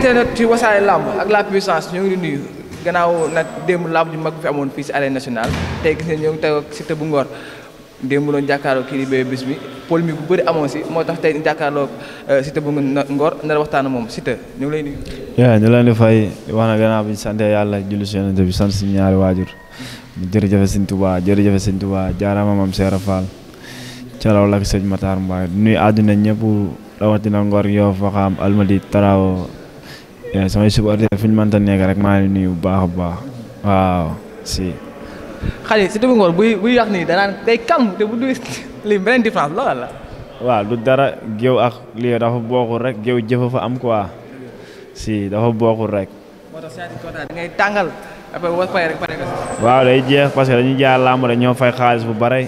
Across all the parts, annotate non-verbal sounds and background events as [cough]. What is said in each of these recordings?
internet ci wasaare làmb ak la puissance ñoo ngi di nuyu gannaaw nag démb làmb ju mag fi amoon fii si arène nationale tey gis ne ñoo ngi tegoog Siteu bu Ngor démb doon jàkkaarloo kii di Bébé Bismi polémique bu bëri amoon si moo tax tey jàkkaarloo euh, Siteu bu Ngor nar waxtaan moom Siteu ñu ngi lay nuyu. yaa ñu leen di fay wax na gannaaw bi ñu yàlla julli si yonent bi sant suñu ñaari waajur jërëjëf sëñ Tuubaa jërëjëf sëñ Tuubaa jaaraama maam Seera Fall calaw lak sëñ Matar Mbaye nuyu àdduna ñëpp rawatina Ngor yaa samay supporter fi ñu nekk rek maa ngi nuyu bu baax baax waaw si. xale si Toubou Ngor buy buy nii danaan day kam te bu du [laughs] lii beneen différence loolal dara géew ak lii dafa bokkul rek géew jëfa fa am quoi si dafa bokkul rek. da ngay tàngal après boo paree rek pare nga waaw day jeex parce que jaay làmb dañ fay xaalis bu bare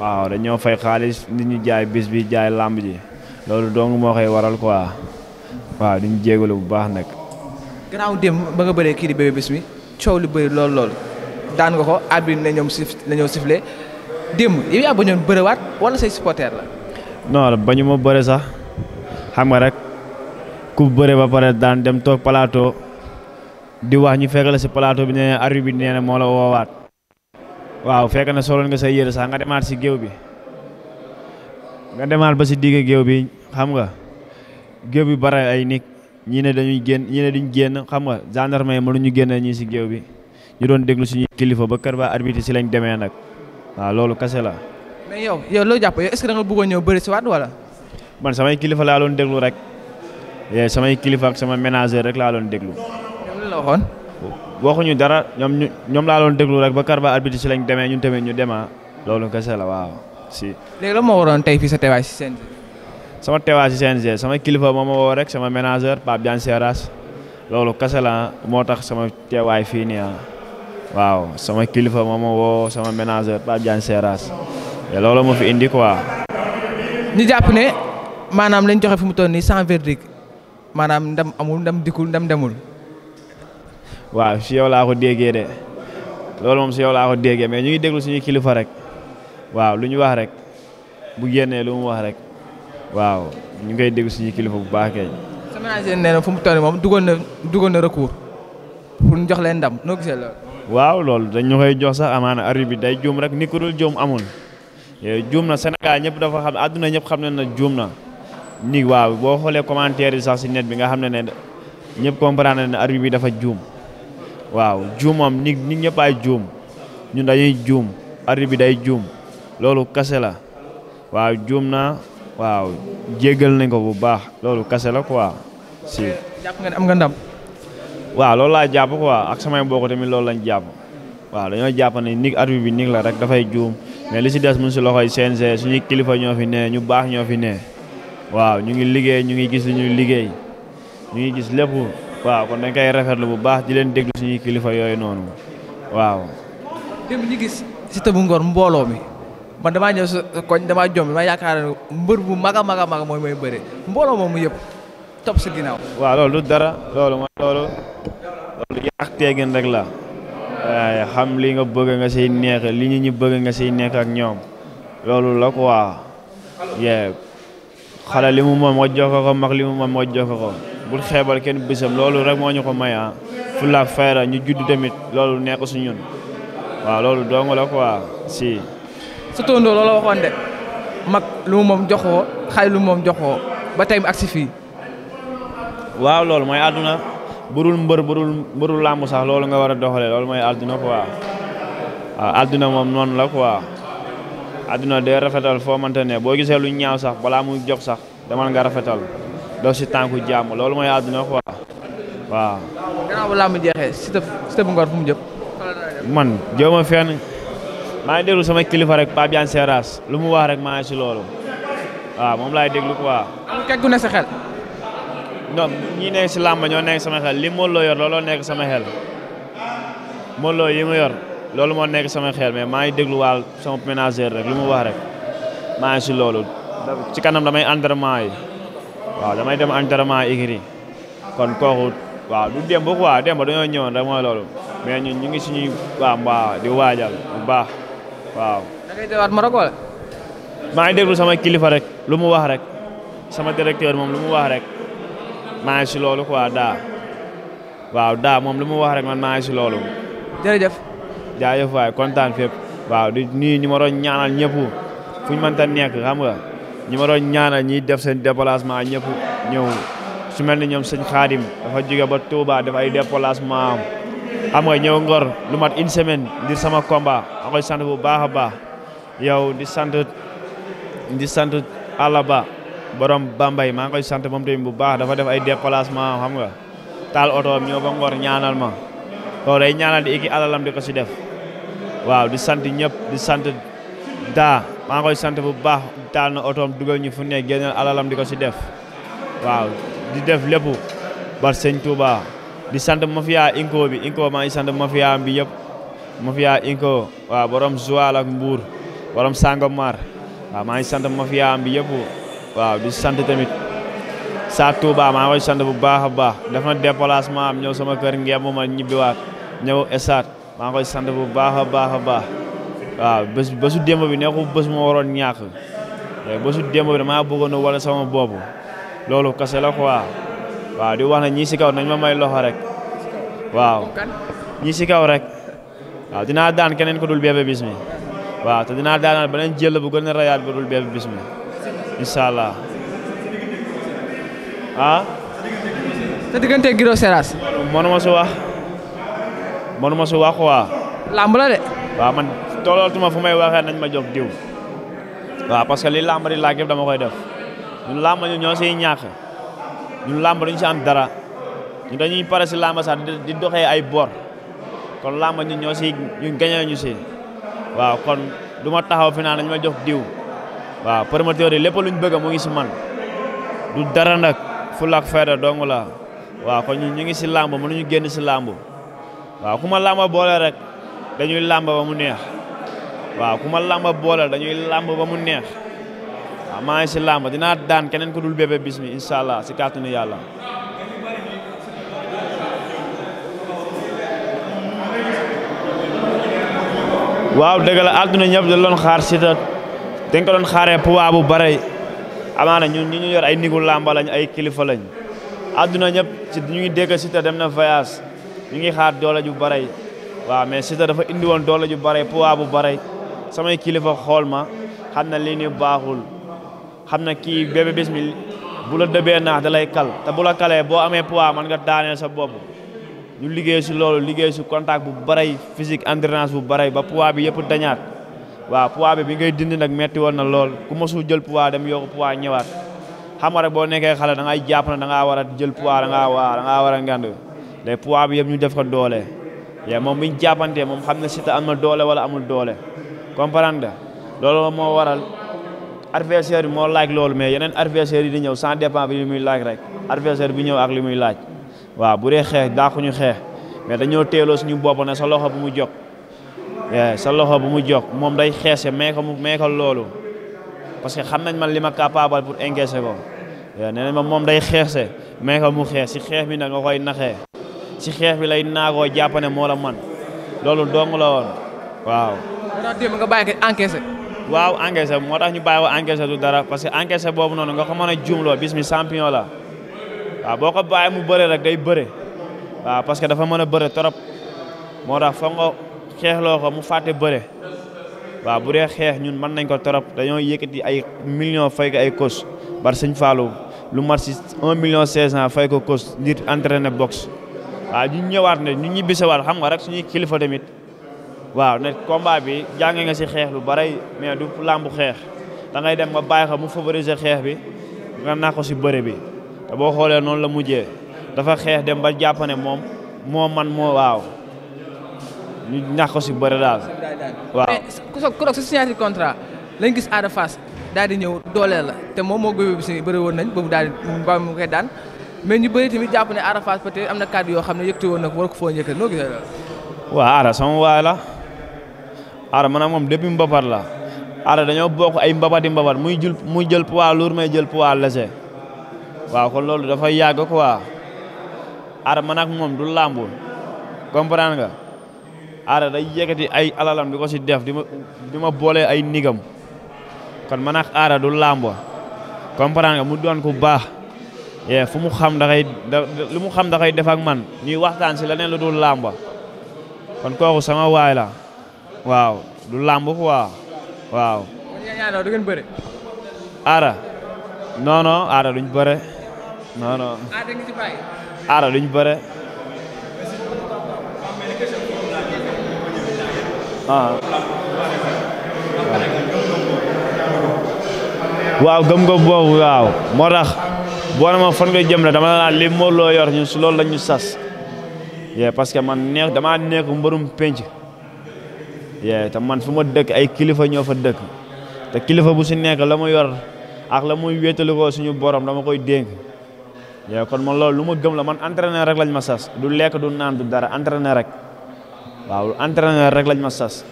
waaw dañ ñoo fay xaalis nit ñu jaay bis bi jaay làmb ji loolu dong moo koy waral quoi. waaw duñ jégalu bu baax nag. gannaaw démb ba nga bëree kii di Bébé Bismi coow lu bëri lool lool daan nga ko arbitre ne ñoom sif ne ñoom sifle démb yow yaa bañoon bëriwaat wala say supporter la. non bañu ma sax xam nga rek ku bëre ba pare daan dem toog palaatoo di wax ñu fekk la si plateau bi nee na bi nee na moo la woowaat. waaw fekke na soloon nga say yére sax nga demaat si géew bi nga demaat ba si digg géew bi xam nga. géew bi bare ay nit ñi ne dañuy génn ñi ne duñ génn xam nga gendarme yi ñu génne ñii si géew bi ñu doon déglu suñuy kilifa ba kër ba arbitre si lañ demee nag waaw loolu kase la. yow yow jàpp yow est ñëw bëri si wala. man samay kilifa laa doon déglu rek eh, samay kilifa ak sama ménager rek laa loon déglu. la waxoon. dara ñoom ñu ñoom laa doon déglu rek ba kër arbitre si lañ demee ñun tamit ñu demaa ah. loolu kase la waaw si. sama teewaay ci CNG sama kilifa moom ma woo rek sama manager Pape Diagne Seras loolu kese moo tax sama teewaay fii nii ah. waaw sama kilifa moo ma woo sama manager Pape Diagne Seras loolu moo fi indi quoi. ñu maanaam lañ joxe fu mu toll nii sans verdict maanaam ndam amul ndam dikkul ndam demul. waaw si yow laa ko loolu moom si yow laa mais ñu ngi déglu suñu kilifa rek waaw lu ñu wax rek bu génnee lu mu wax rek. waaw ñu ngay si suñu kilifa bu baax kay. sa manager nee na fu mu toll moom duggoon na duggoon na recours pour ñu jox leen ndam noo gisee loolu. waaw loolu dañ ñu koy jox sax amaana arbitre bi day juum rek ni ko dul juum amul eh, juum na Sénégal ñëpp dafa xam àdduna ñëpp xam nañ ne juum na ni waaw boo xoolee commentaire yi sax bi nga xam ne ne ñëpp comprendre ne arbitre bi dafa juum waaw juumam ni nit ñëpp ay juum ñun dañuy juum arbitre bi day juum loolu kase la waaw juum na waaw jéggal nañ ko bu baax loolu kase la quoi si. jàpp am nga ndam. waaw loolu laa jàpp quoi ak samay mbokk tamit loolu lañ jàpp waaw dañoo jàpp ne nig arbitre bi nig la rek dafay juum mais li si des mu si loxoy CNG suñuy kilifa ñoo fi ne ñu baax ñoo fi ne waaw ñu ngi liggéey ñu ngi gis li ñuy liggéey ñu ngi gis lépp waaw kon dañ koy rafetlu bu baax di leen déglu suñuy kilifa yooyu noonu waaw. démb ñu gis si tëbu ngor mbooloo mi. man damaa ñëw sa koñ damaa jom damaa yaakaar ne mbër bu mag a mag mag mooy mooy bëre mbooloo moomu yëpp topp sa ginnaaw. waaw loolu du dara loolu mooy loolu loolu yàq rek la waaye xam li nga bëgg nga siy neex li ñu ñu bëgg nga siy nekk ak ñoom loolu la quoi yee xale li mu moom nga jox ko mag li mu moom nga jox ko xeebal kenn bisam loolu rek moo ñu ko may ah fulla ak fayda ñu judd tamit loolu nekk su ñun loolu dong la quoi si. sa tóndoo loola waxoon de mag lu mu moom joxoo xay lu moom joxoo ba tey ak si fii waaw loolu mooy àdduna burul mbër burul burul làmb sax loolu nga war a doxalee loolu mooy àdduna quoi waaw àdduna moom noonu la quoi àdduna day rafetal foo mënta ne boo gisee lu ñaaw sax balaa muy jox sax demal nga rafetal doo si tànku jàmm loolu mooy àdduna quoi waaw. gannaaw bu làmb jeexee Siteu Siteu bu Ngor fu mu jëm. man jëma fenn. maa déglu sama kilifa rek Pape Diagne lu mu wax rek maa ngi si loolu moom laa déglu quoi. amul kekk gu ne sa ñi nekk si làmb ñoo nekk sama xel li Modou Lo nekk sama xel yi mu yor loolu moo nekk sama xel mais maa ngi déglu waal sama ménagère rek lu mu wax rek maa ngi si loolu. ci kanam damay entraînement yi waaw damay dem entraînement yi kon kooku waaw du démb quoi démb dañoo ñëwoon rek mooy loolu mais ñun ñu ngi suñuy waa di waajal bu baax. waaw. da ngay teewaat maa ngi déglu sama kilifa rek lu mu wax rek sama directeur moom lu mu wax rek maa ngi si loolu quoi daa waaw daa moom lu mu wax rek man maa ngi si loolu. jërëjëf. jaajëf waay kontaan fépp. waaw di nuyu ñu ma doon ñaanal ñëpp fu ñu mënta nekk xam nga ñu ma doon ñaanal ñiy def seen déplacement ñëpp ñëw su mel ni ñoom sëñ Xaadim dafa jóge ba Touba def ay xam nga ñëw ngor lu mat une semaine ngir sama komba ma koy sant bu baax a baax yow di sant di sant àlla ba borom Bambay maa ngi koy sant moom tamit bu baax dafa def ay déplacement xam nga taal otoom ñëw ba ngor ñaanal ma loolu day ñaanal di iki alalam di ko si def waaw di sant ñëpp di sant daa maa ngi koy sant bu baax taal na otoom dugal fu ne génnal alalam di ko si def waaw di def lépp bar sëñ Touba di sant mafia Inco bi Inco maa ngi sant mafia am bi yëpp mafia Inco waaw borom Joal ak Mbour borom mar waaw maa ngi sant mafia am bi yëpp waaw di sant tamit saa Touba maa ngi koy sant bu baax a baax def na déplacement am sama kër ngeem ma ñibbiwaat ñëw esat maa ngi sant bu baax a baax a baax waaw bés bésu démb bi nekkul bés ma waroon ñàkk bésu démb bi damaa bëggoon a wala sama bopp loolu kese la waaw di wax ne ñii si kaw nañ ma may loxo rek waaw ñii si kaw rek waaw dinaa daan keneen ko dul Bébé Bismi waaw te dinaa daanaan beneen jël bu gën a rayaat bu dul Bébé Bismi incha allah ah. te diggante Guiro Seras. mënuma su wax mënuma su wax waa. làmb la de. waaw man tollootuma fu may waxee nañ ma jox diw. waaw parce que li làmb di laaj dama koy def ñun làmb ñu ñoo siy ñàkk. làmba làmb dañu si am dara ñu dañuy pare si làmb di doxee ay bor kon làmb ñun ñoo si ñu gañee ñu kon du ma taxaw fi naan dañu ma jox diw waaw promoteur yi lépp luñ bëgg mu ngi si man du dara nag fulla ak fayda dong la waaw kon ñun ñu ngi si làmb ñu génn si làmb ku ma làmb boole rek dañuy làmb ba mu neex waaw ku ma làmb boole dañuy làmb ba mu neex waaw maa ngi si dinaa daan keneen ku dul bébé bis mi incha allah si kàttanu yàlla. waaw dëgg la àdduna ñëpp dañu doon xaar Siteu dañ ko doon xaaree poids bu bare amaana ñun ñu ñu yor ay nigu làmba lañ ay kilifa lañ àdduna ñëpp ci ñu ngi dégg dem na voyage ñu ngi xaar doole ju bare waaw mais Siteu dafa indi doole ju bare poids bu bare samay kilifa xool ma xam na lii ni baaxul. xam na kii bébé bismil bu la dëbee naax da lay kal te bu la kalee boo amee poids mën nga daaneel sa bopp ñu liggéey si loolu liggéey si contact bu baray physique endurance bu baray ba poids bi yëpp dañaat waaw poids bi bi ngay dindi nag metti woon na lool ku mosul jël poids dem yokk poids ñëwaat xam nga rek boo nekkee xale da ngay jàpp na da ngaa war jël poids da ngaa waa da ngaa war a ngand day poids bi yëpp ñu def ko doole ye moom biñ jàppantee moom xam ne Siteu am na doole wala amul doole adversaire bi moo laaj loolu mais yeneen adversaire yi di ñëw sans dépend bi li muy laaj rek adversaire bi ñëw ak li muy laaj waaw bu dee xeex daaxuñu xeex mais dañoo teeloo suñu bopp ne sa loxo bu mu jog sa loxo bu mu jog moom day xeese mee ko mu mee ko loolu parce que xam nañ man li ma capable pour encaisser ko nee nañ ma moom day xeese mee ko mu xeex si xeex bi nag nga koy naxee si xeex bi lay naagoo jàpp ne moo la man loolu dong woon waaw. waaw encaissé moo tax ñu bàyyi wa encaissé du dara parce que encaissé boobu noonu nga ko mën a juumloo bis mi champion la waaw boo ko bàyyi mu bëre rek day bëre waaw parce que dafa mën a bëre trop moo tax foog xeexloo ko mu fàtte bëre waaw bu dee xeex ñun mën nañ ko trop dañoo yëkkati ay millions fay ko ay coach bar sëñ Fallou lu mat si un million seize cent fay ko coach ngir entraîner boxe waaw ñu ñëwaat ne ñu ñibbisewaat xam nga rek suñuy kilifa tamit waaw ne combat bi jànge nga si xeex lu bare mais du làmbu xeex da ngay dem nga bàyyi ko mu favoriser xeex bi nga naa ko si bëre bi te boo xoolee noonu la mujjee dafa xeex dem ba jàpp ne moom moo man moo waaw ñu nax ko si bëre daal. waaw mais ku soog ku signature contrat lañ gis Ada Fass daal di ñëw doolee la te moom moo gëj a bis bëri woon nañ boobu daal di mbaa mu koy daan mais ñu bëri tamit jàpp ne Ada Fass am na kàddu yoo xam ne y woon na ko war ko foo man maanaam moom depuis mbapat la aada dañoo bokk ay mbapati mbapat muy jël muy jël poids lourd may jël poids léger waaw kon loolu dafay yàgg quoi aada man ak moom du làmb comprendre nga aada day yëkkati ay alalam di ko si def di ma di ma boolee ay nigam kon man ak aada du làmb comprendre nga mu doon ku baax yee fu mu xam da koy mu xam da def ak man ñuy waxtaan si leneen lu du làmba kon kooku sama waay la waaw du làmb quoi waaw. kon du ngeen bëre. aara non non duñ bëre non non. duñ bëre. Ah. waaw gëm-gëm boobu waaw moo tax boo ne ma jëm ne dama la naan moo loo yor ñun su loolu la ñu sas. parce que man neex damaa nekk mbërum yee te man fu ma dëkk ay kilifa ñoo fa dëkk te kilifa bu si nekk la mu yor ak la muy wéetalikoo suñu borom dama koy dénk yee kon man loolu lu ma gëm la man entraîneur rek lañ ma sas du lekk du naan du dara entraîneur rek waaw entraîneur rek lañ ma sas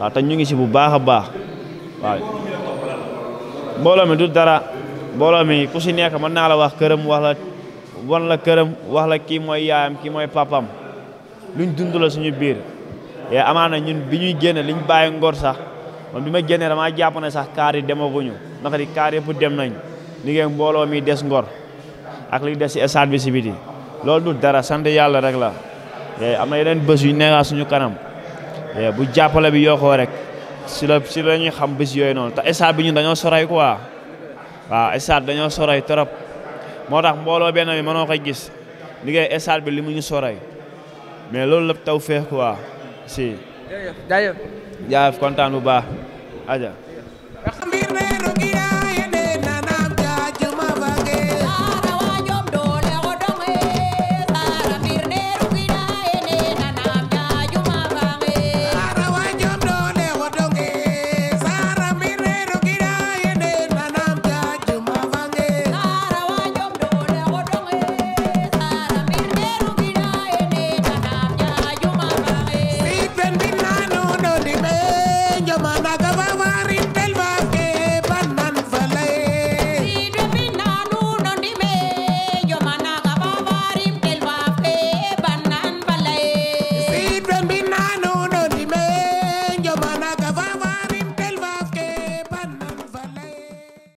waaw te ñu ngi si bu baax a baax waaw mbooloo mi du dara mbooloo mi ku si nekk mën naa la wax këram wax la wan la këram wax la kii mooy yaayam kii mooy papam luñ dund la suñu biir te eh, amaana ñun bi ñuy li ñu bàyyi ngor sax man bi ma génnee damaa jàpp ne sax kaar yi demaguñu naka di kaar yëpp dem nañ li ngeen mbooloo mi des ngor ak li des si stade bi si biti du dara sant yàlla rek la eh, am na yeneen bés yu nekkaa suñu kanam eh, bu jàppale bi yokkoo rek si la si la ñuy xam bés yooyu noonu te stade bi ñun dañoo soray quoi waaw stade dañoo soray trop moo tax mbooloo benn bi mënoo ko gis liggéey stade bi li mu ñu soray mais loolu lépp taw feex si jaajëf jaajëf kontaan bu baax aja